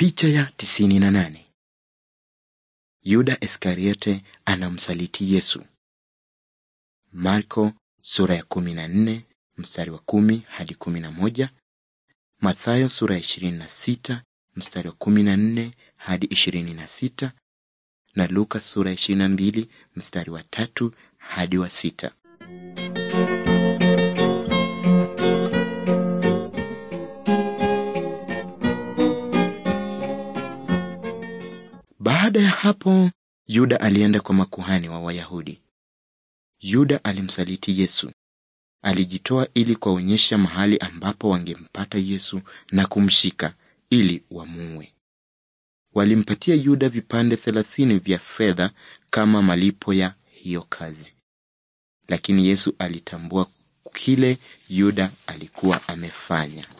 Picha ya 98. Yuda Iskariote anamsaliti Yesu. Marko sura ya 14 mstari wa kumi hadi 11. Mathayo sura ya sita mstari wa nne hadi ishirini na Luka sura ya 22 mstari wa tatu hadi wa sita. Baada ya hapo, Yuda alienda kwa makuhani wa Wayahudi. Yuda alimsaliti Yesu. Alijitoa ili kuwaonyesha mahali ambapo wangempata Yesu na kumshika ili wamuue. Walimpatia Yuda vipande thelathini vya fedha kama malipo ya hiyo kazi. Lakini Yesu alitambua kile Yuda alikuwa amefanya.